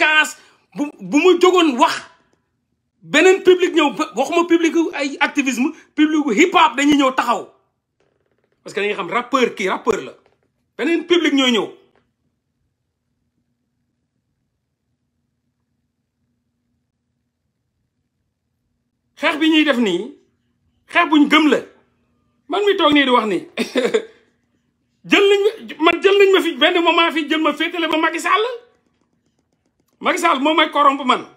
kaas bu bu ma jógoon wax beneen public ñëw waxuma public ay activisme public hip hop dañu ñëw taxaw parce que dañuy xam rappeur kii rappeur la beneen public ñooy ñëw xeex bi ñuy def nii xeex buñ gëm la man mi toog nii di wax nii jël nañ ma man jël nañ ma fi benn moment fii jël ma féetale ma Macky Sall Macky moom may corrompe man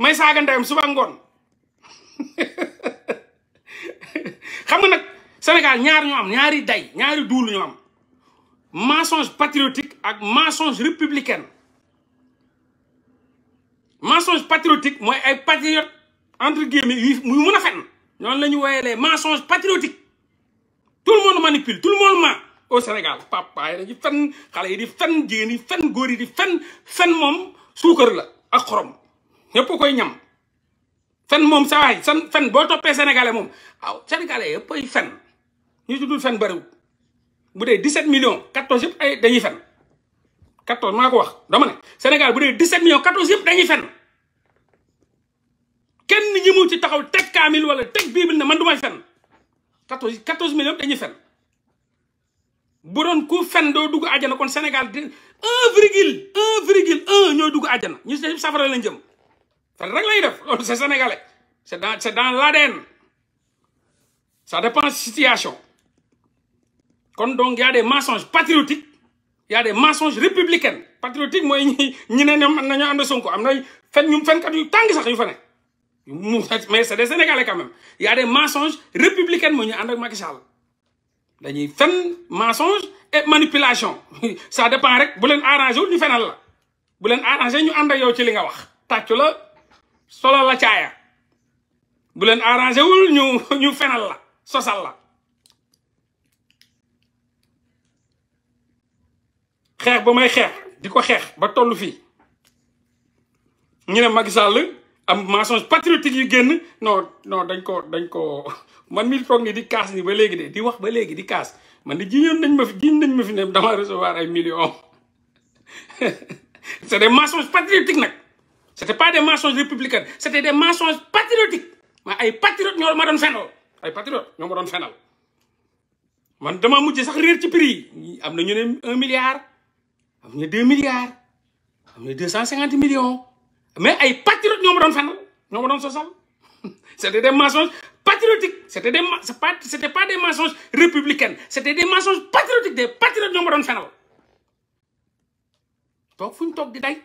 may saaga ndeyam suba ngoon xam nga nag Sénégal ñaar ñu am ñaari day ñaari duul ñu am mensonge patriotique ak mensonge républicain mensonge patriotique mooy ay patriote entre guillemets yu muy mën a fenn noonu la ñu wooyelee mensonge patriotique tout le monde manipule tout le monde au Sénégal papa yi di fenn xale yi di fenn jigéen yi góor yi di fenn moom suukar la ak xorom ñëpp koy ñam fen moom sa waay san fen boo toppee sénégalais moom waaw sénégalais yëpp ay fen ñu tuddul fen bariwul bu dee 17 millions million yëpp ay dañuy ko wax dama ne bu dee 17 millions 14 yëpp dañuy fen kenn ñi ci taxaw teg kaamil wala teg bible ne man du may fen 14 14 millions dañuy fen bu doon ku fen doo dugg àjjana kon Sénégal di un virgule un virgule un ñooy dugg àjjana ñu si safara lañ jëm fen rek lay def loolu c'est sénégalais c'est dans la dans l'ADN ça dépend situation kon donc y a des mensonges patriotiques y a des mensonges républicains patriotique mooy ñi ne ne ñoom nañoo ànd Sonko am na fen ñu fenkat yu tàng sax yu fa ne mais c'est des sénégalais quand même y a mooy ñu ànd ak Macky dañuy fen mensonge et manipulation ça dépend rek bu leen arrangé wul ñu fenal la bu leen arrangé ñu ànd yow ci li nga wax tàccu la solo la caaya bu leen arrangé wul ñu ñu fenal la sosal la xeex ba may xeex di ko xeex ba tollu fii ñu ne Macky Sall am mensonge patriotique yi génn non non dañ ko dañ ko man mi foog ni di kaas nii ba léegi de di wax ba léegi di kaas man di jiñoon nañ ma fi jiñ nañ ma fi ne dama recevoir ay millions c'est des mensonges patriotiques nag c'était pas des mensonges républicains c'était des mensonges patriotiques ma ay patriotes ñoo ma doon fenal ay patriotes ñoo ma doon fenal man dama mujj sax réer ci prix yi am na ñu ne un milliard am na deux milliards am na deux cent cinquante millions mais ay patriotes ñoo ma doon fenal ñoo ma doon sosal c'était des mensonges patriotiques c'était des c'était pas des mensonges républicains c'était des mensonges patriotiques des patriotes ñoo ma doon fenal toog fu ñu toog di day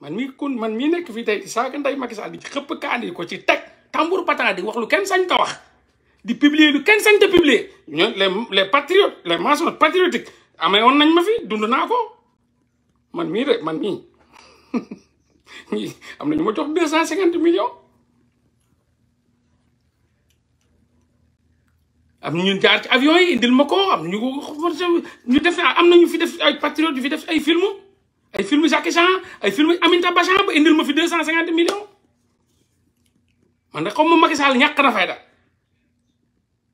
man mii kun man mii nekk fii tey di saaga nday Macky Sall di xëpp kaandi ko ci teg tambour pata di wax lu kenn sañ ko wax di publier lu kenn sañ te publier ñoom les les patriotes les mensonges on nañ ma fi dund naa ko man mii rek man mii am na ñu ma jox deux cent cinquante millions am na ñu jaar ci avion yi indil ma ko am ñu ñu def am na ñu fi def ay patriotes yu fi def ay film ay film Jacques Jean ay film Aminata Bachan ba indil ma fi deux cent cinquante millions man de xaw ma Macky Sall ñàkk na fayda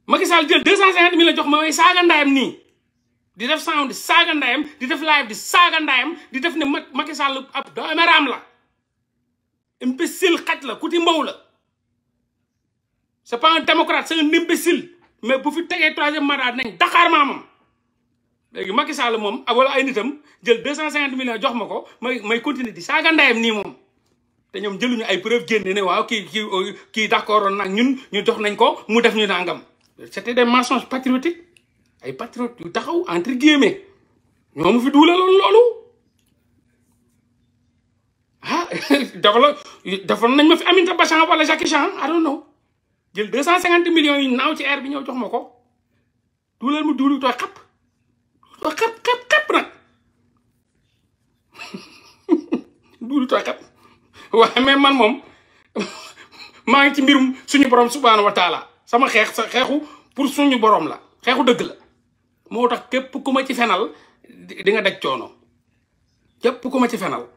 Macky Sall jël deux cent cinquante millions jox ma may saaga ndayam nii di def sound di saaga ndayam di def live di saaga ndayam di def ne Macky Sall ab doomeram la imbécile xaj la ku ti mbaw la c'est pas un démocrate c'est un imbécile mais bu fi tegee troisième mandat nañ daxaar maamam léegi Macky Sall moom ah, wala ay nitam jël deux cent cinquante millions jox ma ko may may continuer di saaga ndayam nii moom te ñoom jëluñu ay preuve génne ne waaw kii kii kii d'accord nag ñun ñu jox nañ ko mu def ñu nangam c'était des mensonges patriotiques ay patriotes yu taxaw entre guillemets ñoo mu fi duulaloon loolu dafa la defoon nañ ma fi Aminata Bachan wala Jackie Chan I don't know jël deux cent cinquante millions yi naaw ci air bi ñoo jox ma ko duuleel mu duulu tooy xap tooy xap waaye mais man moom maa ngi ci mbirum suñu borom subhaanahu sama xeex sa xeexu pour suñu boroom la xeexu dëgg la moo tax képp ku ci fenal di nga deg coono képp ku ci fenal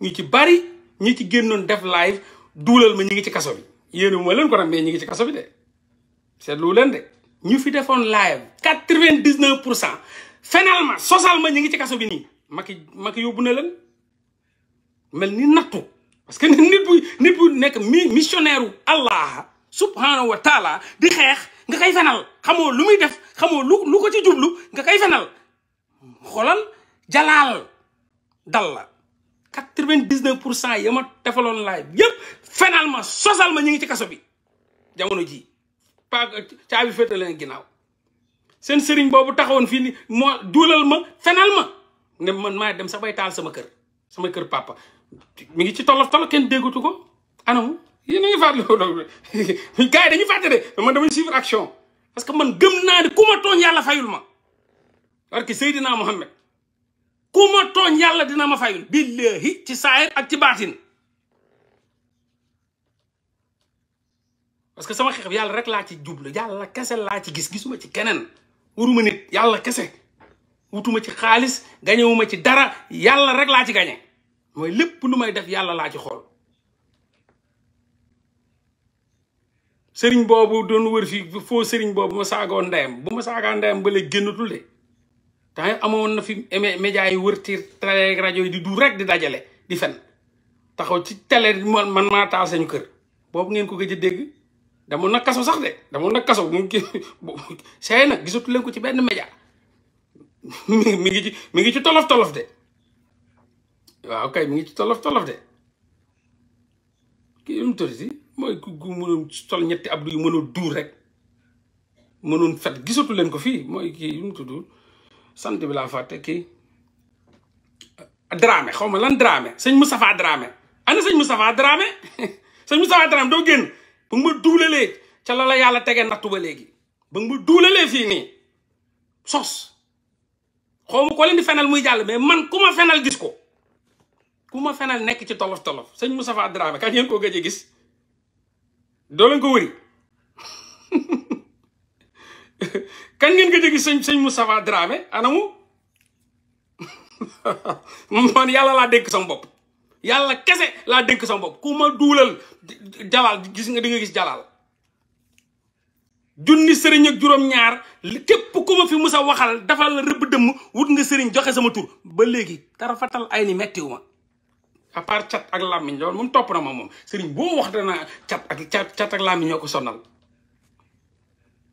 ñu ci bari ñi ci génnoon def live duulal ma ñi ngi ci kaso bi yéen a ma leen ko nag mais ñi ngi ci kaso bi de seetlu leen de ñu fi defoon live quatre-vingt-dix-neuf pour cent finalement social ma ñi ngi ci kaso bi nii Macky Macky yóbbu na leen mel ni nattu parce que nit bu nit bu nekk mi missionnaire u Allah subhanahu wa taala di xeex nga koy fenal xamoo lu muy def xamoo lu lu ko ci jublu nga kay fenal xoolal jalaal dal quatre-vingt-dix-neuf pour cent yi ma defaloon live yëpp fenal ma sosal ma ñu ngi ci kaso bi jamono ji pa caabi féete leen ginnaaw seen sëriñ boobu taxawoon fii ni moo duulal ma fenal ma ne man maa dem sax bay taal sama kër sama kër papa mu ngi ci tolof tolof kenn déggatu ko anamu yéen a ngi fàttali loolu gars yi dañuy fàtte de man damay suivre action parce que man gëm naa ne ku ma tooñ yàlla fayul ma parce que Seydina Mohamed ku ma tooñ yàlla dina ma fayul billahi ci saayir ak ci baatin parce que sama xeex yàlla rek laa ci jublu yàlla kese laa ci gis gisuma ci keneen waruma nit yàlla kese wutuma ci xaalis gañewuma ci dara yàlla rek laa ci gañe mooy lépp lu may def yàlla laa ci xool sëriñ boobu doon wër fii foo sëriñ boobu ma saagoo ndeyam bu ma saagaa ndeyam ba léegi génnatul de temps amoon na fi média yi wër tiir rajo yi di du rek di dajale di fen taxaw ci télé man man maa taal sañu kër boobu ngeen ko gëj a dégg damoon na kaso sax de damoon na kaso mu ngi say nag gisatu leen ko ci benn média mi ngi ci mi ngi ci tolof tolof de waaw kay mi ngi ci tolof tolof de kii mu tëdd mooy ku mënoon sol ñetti abdu yu mënoon rek mënoon fet gisatu leen ko fii mooy kii yu mu tudd sant bi laa fàtte kii Dramé xaw ma lan Dramé sëñ mu safaa ana sëñ mu Dramé sëñ Moustapha Dramé doo génn ba nga duulalee ca la yàlla tegee nattu ba léegi ba nga ma duulalee fii nii sos xaw ma ko leen di fenal muy jàll mais man ku ma fenal gis ko ku ma fenal nekk ci tolof tolof mu safaa Dramé kañ ngeen koo gëj a gis doo leen ko wëri kan ngeen ko dégg sëñ sëñ Moustapha Dramé anamu man yàlla laa dénk sama bopp yàlla kese laa dénk sama bopp ku ma duulal jalaal gis nga di nga gis jalaal junni sëriñ ak juróom-ñaar képp ku ma fi musa waxal dafa la rëbb dëmm wut nga sëriñ joxe sama tur ba léegi dara fatal ay ni mettiwu ma à part ak làmmiñ loolu moom topp na ma moom sëriñ boo wax danaa cat ak cat ak làmmiñ ko sonal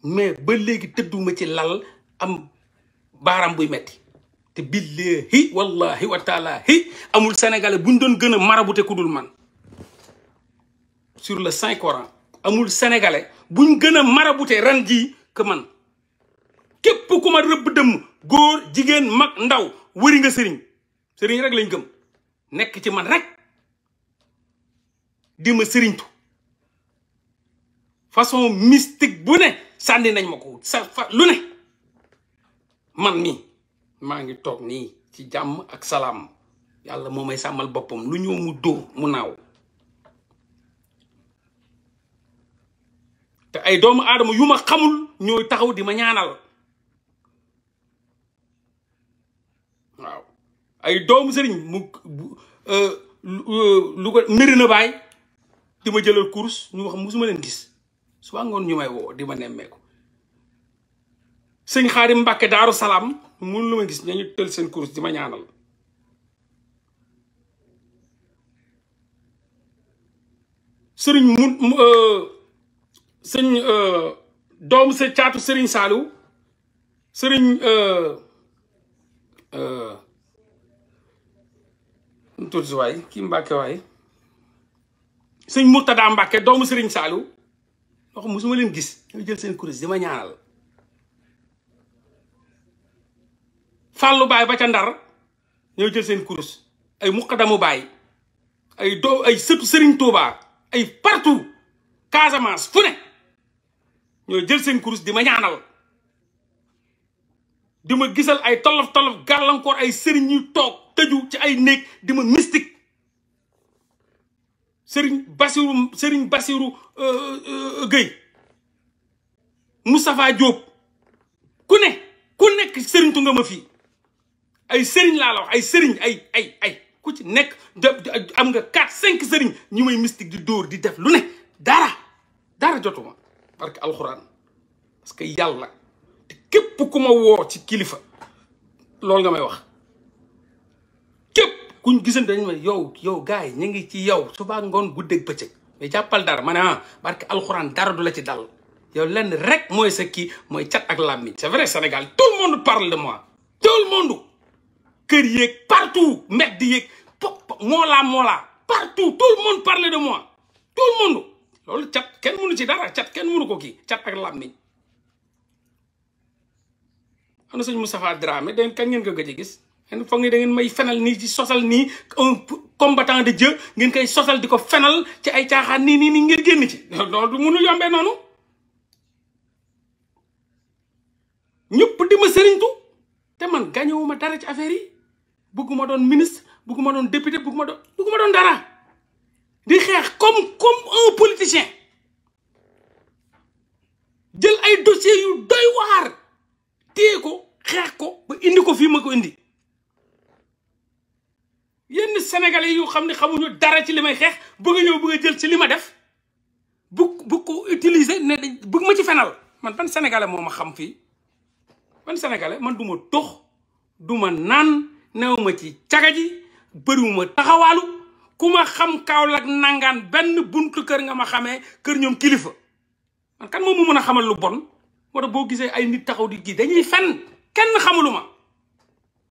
mais ba léegi tëdduma ci lal am baaraam buy metti te billahi wallahi wa taalahi amul sénégalais bu ñu doon gën a marabute ku dul man sur le saint coran amul sénégalais bu ñu gën a marabute ren ji que man képp ku ma rëbb dëmm góor jigéen mag ndaw wëri nga sëriñ sëriñ rek lañ gëm nekk ci man rek dima sëriñtu façon mystique bu ne sànni nañ ma ko sa lu ne man mi maa ngi toog nii ci jàmm ak salaam yàlla moo may sàmmal boppam lu ñëw mu dóor mu naaw te ay doomu aadama yu ma xamul ñooy taxaw di ma ñaanal waaw ay doomu sëriñ mu euh, euh, lu ko mbiri na baay di ma jëlal kurus ñu wax musuma leen gis su ngoon ñu may woo di ma nemmeeku sëñ Xaadim Mbàkke Daaru Salaam mun lu ma gis ñañu tël seen course di ma ñaanal sëriñ mu euh, sëñ euh, doomu sa caatu sëriñ Saaliw sëriñ euh, tuuti waay kii Mbàkke waay sëñ Murtada Mbàkke doomu sëriñ Saaliw wax musuma leen gis ñoo jël seen kuréel dama ñaanal fàllu baay ba ca ndar ñoo jël seen kurus ay muqadamu baay ay doo ay sëtu Serigne ay partout Casamance fu ne ñoo jël seen kurus di ma ñaanal di ma gisal ay tolof tolof gàllankoor ay sëriñ yu toog tëju ci ay néeg di ma mystique Serigne Bassirou Serigne Bassirou euh, euh, Gueye Moustapha Diop ku ne ku nekk Serigne tu nga ma fii ay Serigne laa la wax ay Serigne ay ay ay ku ci nekk am nga quatre cinq Serigne ñu may mystique di dóor di def lu ne dara dara jotuma parce que alxuraan parce que yàlla te képp ku ma woo ci kilifa loolu nga may wax kuñ gisan dañ ma yow yow gars yi ñu ngi ci yow suba ngoon guddeeg bëccëg mais jàppal dara ma ne ah barke alxuraan dara du la ci dal yow lenn rek mooy sa kii mooy cat ak làmmiñ c'est vrai Sénégal tout le monde parle de moi tout le monde kër yeeg partout mbedd yeeg pop moolaa moolaa partout tout le parle de moi tout le loolu cat kenn mënu ci dara cat kenn mënu ko ki cat ak làmmiñ ana sëñ Moustapha Dramé den kañ ngeen ko gëj gis ngeen foog ni da ngeen may fenal nii ci sosal nii un combattant de Dieu ngeen koy sosal di ko fenal ci ay caaxaan nii nii nii ngeen génn ci loolu du munu yombee noonu ñëpp di ma sëriñtu te man gañewuma dara ci affaire yi bëgguma doon ministre bëgguma doon député bëgguma doon bëgguma doon dara di xeex comme comme un politicien jël ay dossiers yu doy waar téye ko xeex ko ba indi ko fii ma ko indi yenn sénégalais yu xam ne xamuñu dara ci li may xeex bëgg a ñëw jël ci li ma def bu bu ko utiliser ne bëgg ma ci fenal man ban sénégalais moo ma xam fii ban sénégalais man du ma tux du ma naan néew ma ci caga ji bëriwuma taxawaalu ku ma xam Kaolack nangaan benn buntu kër nga ma xamee kër ñoom kilifa man kan moom mu mën a xamal lu bon moo tax boo gisee ay nit taxaw di gis dañuy fenn kenn xamuluma